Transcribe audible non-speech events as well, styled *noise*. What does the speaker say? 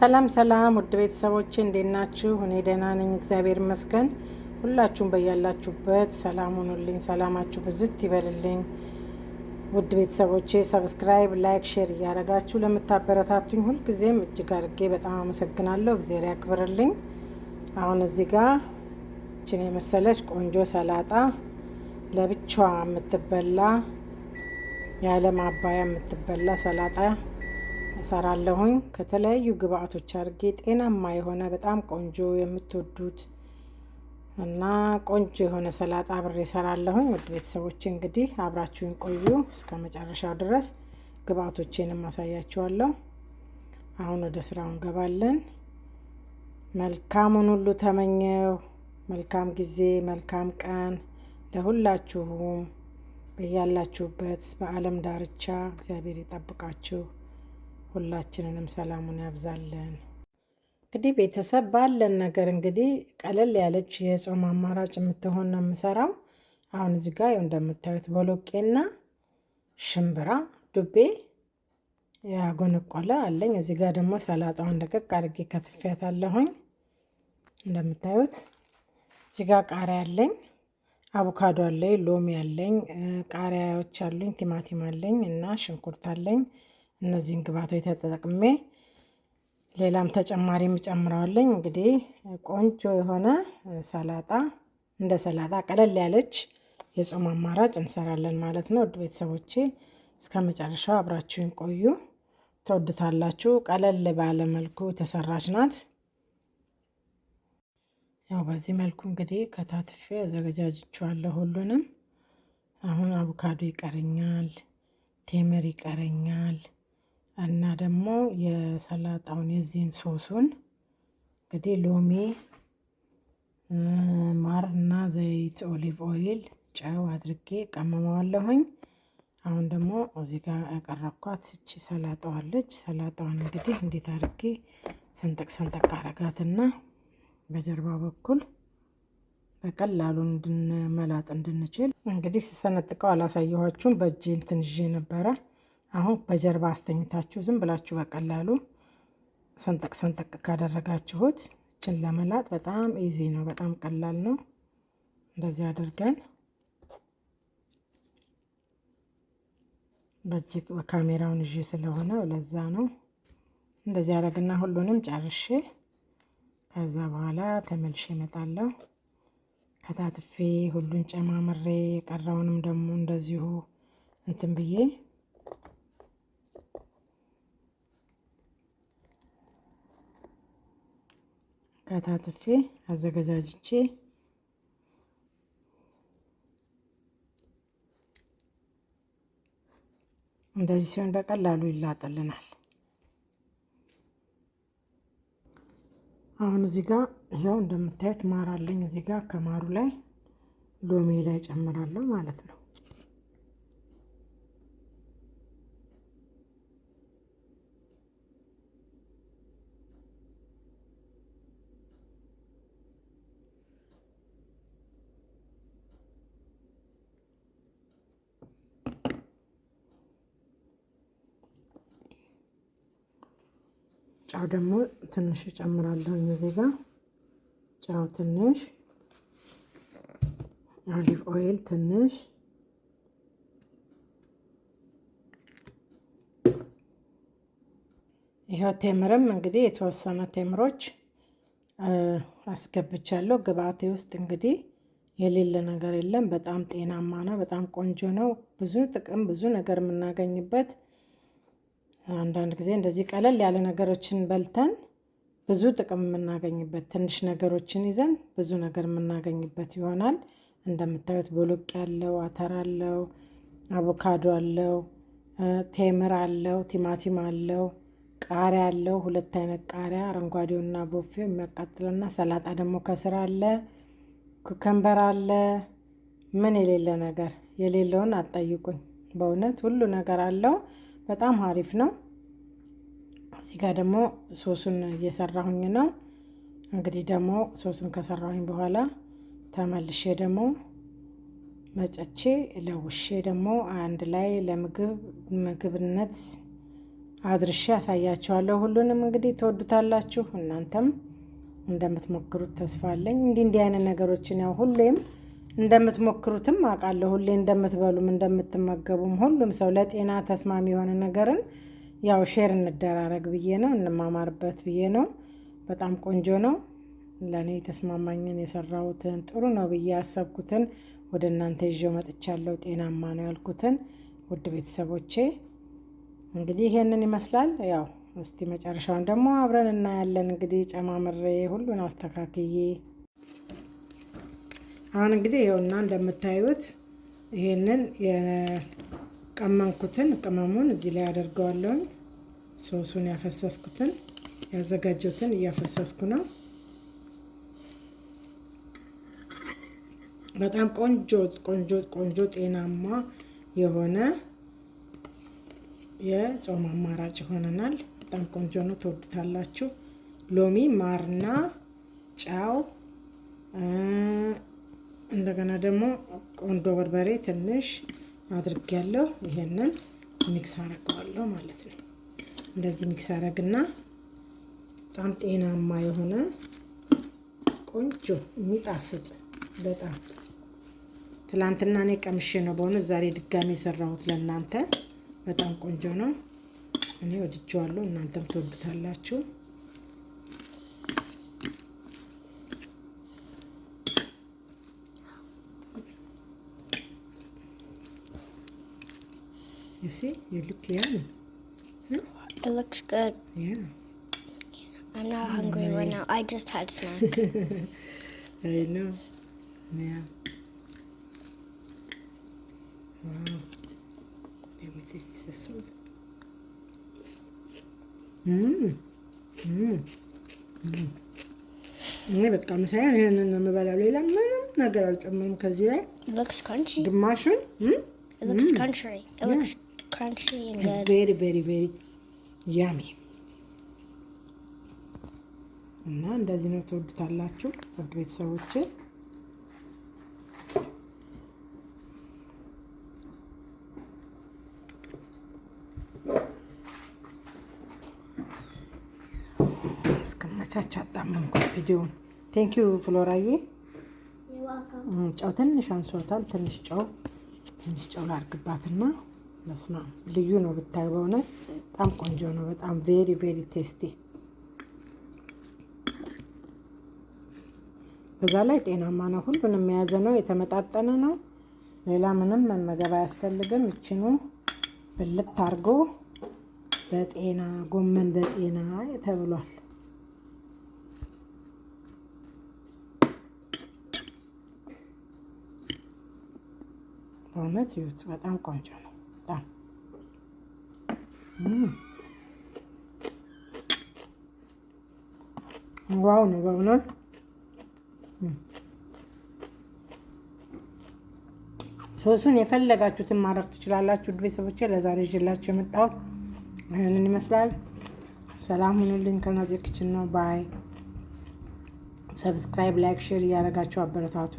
ሰላም ሰላም ውድ ቤተሰቦቼ እንዴት ናችሁ? እኔ ደህና ነኝ፣ እግዚአብሔር ይመስገን። ሁላችሁም በያላችሁበት ሰላም ሁኑልኝ፣ ሰላማችሁ ብዝት ይበልልኝ። ውድ ቤተሰቦቼ ሰብስክራይብ፣ ላይክ፣ ሼር እያደረጋችሁ ለምታበረታቱኝ ሁልጊዜም እጅግ አድርጌ በጣም አመሰግናለሁ። እግዚአብሔር ያክብርልኝ። አሁን እዚህ ጋር እችን የመሰለች ቆንጆ ሰላጣ ለብቻዋ የምትበላ ያለ ማባያ የምትበላ ሰላጣ እሰራለሁኝ። ከተለያዩ ግብአቶች አድርጌ ጤናማ የሆነ በጣም ቆንጆ የምትወዱት እና ቆንጆ የሆነ ሰላጣ አብሬ እሰራለሁኝ። ውድ ቤተሰቦች እንግዲህ አብራችሁን ቆዩ እስከ መጨረሻው ድረስ ግብአቶቼንም አሳያችኋለሁ። አሁን ወደ ስራው እንገባለን። መልካሙን ሁሉ ተመኘው። መልካም ጊዜ፣ መልካም ቀን ለሁላችሁም። በያላችሁበት በዓለም ዳርቻ እግዚአብሔር ይጠብቃችሁ። ሁላችንንም ሰላሙን ያብዛለን እንግዲህ ቤተሰብ ባለን ነገር እንግዲህ ቀለል ያለች የጾም አማራጭ የምትሆን ነው የምሰራው። አሁን እዚህ ጋር ያው እንደምታዩት ቦሎቄና ሽምብራ ዱቤ ያጎነቆለ አለኝ። እዚህ ጋር ደግሞ ሰላጣውን ደቀቅ አድርጌ ከትፊያት አለሁኝ። እንደምታዩት እዚህ ጋር ቃሪያ አለኝ፣ አቮካዶ አለኝ፣ ሎሚ አለኝ፣ ቃሪያዎች አሉኝ፣ ቲማቲም አለኝ እና ሽንኩርት አለኝ። እነዚህን ግብአቶች ተጠቅሜ ሌላም ተጨማሪ የምጨምረዋለኝ። እንግዲህ ቆንጆ የሆነ ሰላጣ እንደ ሰላጣ ቀለል ያለች የጾም አማራጭ እንሰራለን ማለት ነው። ውድ ቤተሰቦቼ እስከ መጨረሻው አብራችሁን ቆዩ፣ ተወዱታላችሁ። ቀለል ባለ መልኩ የተሰራች ናት። ያው በዚህ መልኩ እንግዲህ ከታትፌ አዘገጃጅቼዋለሁ ሁሉንም። አሁን አቮካዶ ይቀረኛል፣ ቴምር ይቀረኛል እና ደግሞ የሰላጣውን የዚህን ሶሱን እንግዲህ ሎሚ፣ ማር እና ዘይት፣ ኦሊቭ ኦይል፣ ጨው አድርጌ ቀመመዋለሁኝ። አሁን ደግሞ እዚህ ጋር ያቀረብኳት እቺ ሰላጣዋለች። ሰላጣዋን እንግዲህ እንዴት አድርጌ ሰንጠቅ ሰንጠቅ አረጋትና በጀርባ በኩል በቀላሉ እንድንመላጥ እንድንችል እንግዲህ ስሰነጥቀው አላሳየኋችሁም። በእጄ እንትን ይዤ ነበረ አሁን በጀርባ አስተኝታችሁ ዝም ብላችሁ በቀላሉ ሰንጠቅ ሰንጠቅ ካደረጋችሁት እችን ለመላጥ በጣም ኢዚ ነው፣ በጣም ቀላል ነው። እንደዚህ አድርገን በእጅግ በካሜራውን ይዤ ስለሆነ ለዛ ነው። እንደዚህ አደረግና ሁሉንም ጨርሼ ከዛ በኋላ ተመልሼ እመጣለሁ። ከታትፌ ሁሉን ጨማምሬ የቀረውንም ደግሞ እንደዚሁ እንትን ብዬ ከታትፌ አዘገጃጅቼ እንደዚህ ሲሆን በቀላሉ ይላጥልናል። አሁን እዚህ ጋር ይኸው እንደምታዩት ማር አለኝ። እዚህ ጋር ከማሩ ላይ ሎሚ ላይ ጨምራለሁ ማለት ነው። ጨው ደግሞ ትንሽ እጨምራለሁ። እዚህ ጋር ጨው ትንሽ፣ ኦሊቭ ኦይል ትንሽ፣ ይኸው ቴምርም እንግዲህ የተወሰነ ቴምሮች አስገብቻለሁ ግብአቴ ውስጥ እንግዲህ የሌለ ነገር የለም። በጣም ጤናማ ነው። በጣም ቆንጆ ነው። ብዙ ጥቅም ብዙ ነገር የምናገኝበት አንዳንድ ጊዜ እንደዚህ ቀለል ያለ ነገሮችን በልተን ብዙ ጥቅም የምናገኝበት ትንሽ ነገሮችን ይዘን ብዙ ነገር የምናገኝበት ይሆናል። እንደምታዩት ቦሎቅ ያለው አተር አለው፣ አቮካዶ አለው፣ ቴምር አለው፣ ቲማቲም አለው፣ ቃሪያ አለው። ሁለት አይነት ቃሪያ አረንጓዴውና ቦፌው የሚያቃጥለውና ሰላጣ ደግሞ ከስር አለ፣ ኩከምበር አለ። ምን የሌለ ነገር የሌለውን አጠይቁኝ በእውነት ሁሉ ነገር አለው። በጣም አሪፍ ነው። እዚህ ጋር ደግሞ ሶሱን እየሰራሁኝ ነው። እንግዲህ ደግሞ ሶሱን ከሰራሁኝ በኋላ ተመልሼ ደግሞ መጨቼ ለውሼ ደግሞ አንድ ላይ ለምግብ ምግብነት አድርሼ አሳያቸዋለሁ። ሁሉንም እንግዲህ ትወዱታላችሁ እናንተም እንደምትሞክሩት ተስፋ አለኝ። እንዲህ እንዲህ አይነት ነገሮችን ያው ሁሌም እንደምትሞክሩትም አውቃለሁ። ሁሌ እንደምትበሉም እንደምትመገቡም ሁሉም ሰው ለጤና ተስማሚ የሆነ ነገርን ያው ሼር እንደራረግ ብዬ ነው፣ እንማማርበት ብዬ ነው። በጣም ቆንጆ ነው። ለእኔ የተስማማኝን የሰራሁትን ጥሩ ነው ብዬ ያሰብኩትን ወደ እናንተ ይዤው መጥቻለሁ። ጤናማ ነው ያልኩትን ውድ ቤተሰቦቼ እንግዲህ ይሄንን ይመስላል። ያው እስቲ መጨረሻውን ደግሞ አብረን እናያለን። እንግዲህ ጨማምሬ ሁሉን አስተካክዬ አሁን እንግዲህ ይኸውና እንደምታዩት ይሄንን የቀመምኩትን ቅመሙን እዚህ ላይ አደርገዋለሁኝ። ሶሱን ያፈሰስኩትን ያዘጋጀሁትን እያፈሰስኩ ነው። በጣም ቆንጆ ቆንጆ ቆንጆ ጤናማ የሆነ የጾም አማራጭ ይሆነናል። በጣም ቆንጆ ነው፣ ትወዱታላችሁ። ሎሚ ማርና ጫው እንደገና ደግሞ ቆንዶ በርበሬ ትንሽ አድርጌያለሁ። ይሄንን ሚክስ አረገዋለሁ ማለት ነው። እንደዚህ ሚክስ አረግና በጣም ጤናማ የሆነ ቆንጆ የሚጣፍጥ በጣም ትላንትና እኔ ቀምሼ ነው በሆነ ዛሬ ድጋሚ የሰራሁት ለእናንተ። በጣም ቆንጆ ነው። እኔ ወድጄዋለሁ፣ እናንተም ትወዱታላችሁ። see, you look yummy. Huh? It looks good. Yeah. I'm not oh, hungry right now. I just had snack. *laughs* I know. Yeah. Wow. Let me taste the salt. Mmm. Mmm. Mmm. በቃ ምሳሌ ይህንን ነው የምበላው። ሌላ ምንም ነገር አልጨምርም ከዚህ ላይ looks. Mm. crunchy and it's good. very, very, very yummy. እና እንደዚህ ነው ትወዱታላችሁ፣ ውድ ቤተሰቦቼ። እስከመቻች አጣመምኩት ቪዲዮውን። ቴንክ ዩ ፍሎራዬ። ጨው ትንሽ አንሷታል። ትንሽ ጨው ትንሽ ጨው ላድርግባትና መስማ ልዩ ነው ብታይ በሆነ በጣም ቆንጆ ነው። በጣም ቬሪ ቬሪ ቴስቲ በዛ ላይ ጤናማ ነው። ሁሉንም የያዘ ነው። የተመጣጠነ ነው። ሌላ ምንም መመገብ አያስፈልግም። ይችኑ ብልት አድርጎ በጤና ጎመን በጤና ተብሏል። በእውነት ይዩት፣ በጣም ቆንጆ ነው። ዋው ነው በእውነት ሶሱን የፈለጋችሁትን ማድረግ ትችላላችሁ። ውድ ቤተሰቦቼ ለዛሬ ይዤላችሁ የመጣሁት ይህንን ይመስላል። ሰላም ሁኑልኝ። ከናዚ ኪችን ነው ባይ። ሰብስክራይብ፣ ላይክ፣ ሼር እያደረጋችሁ አበረታቱ።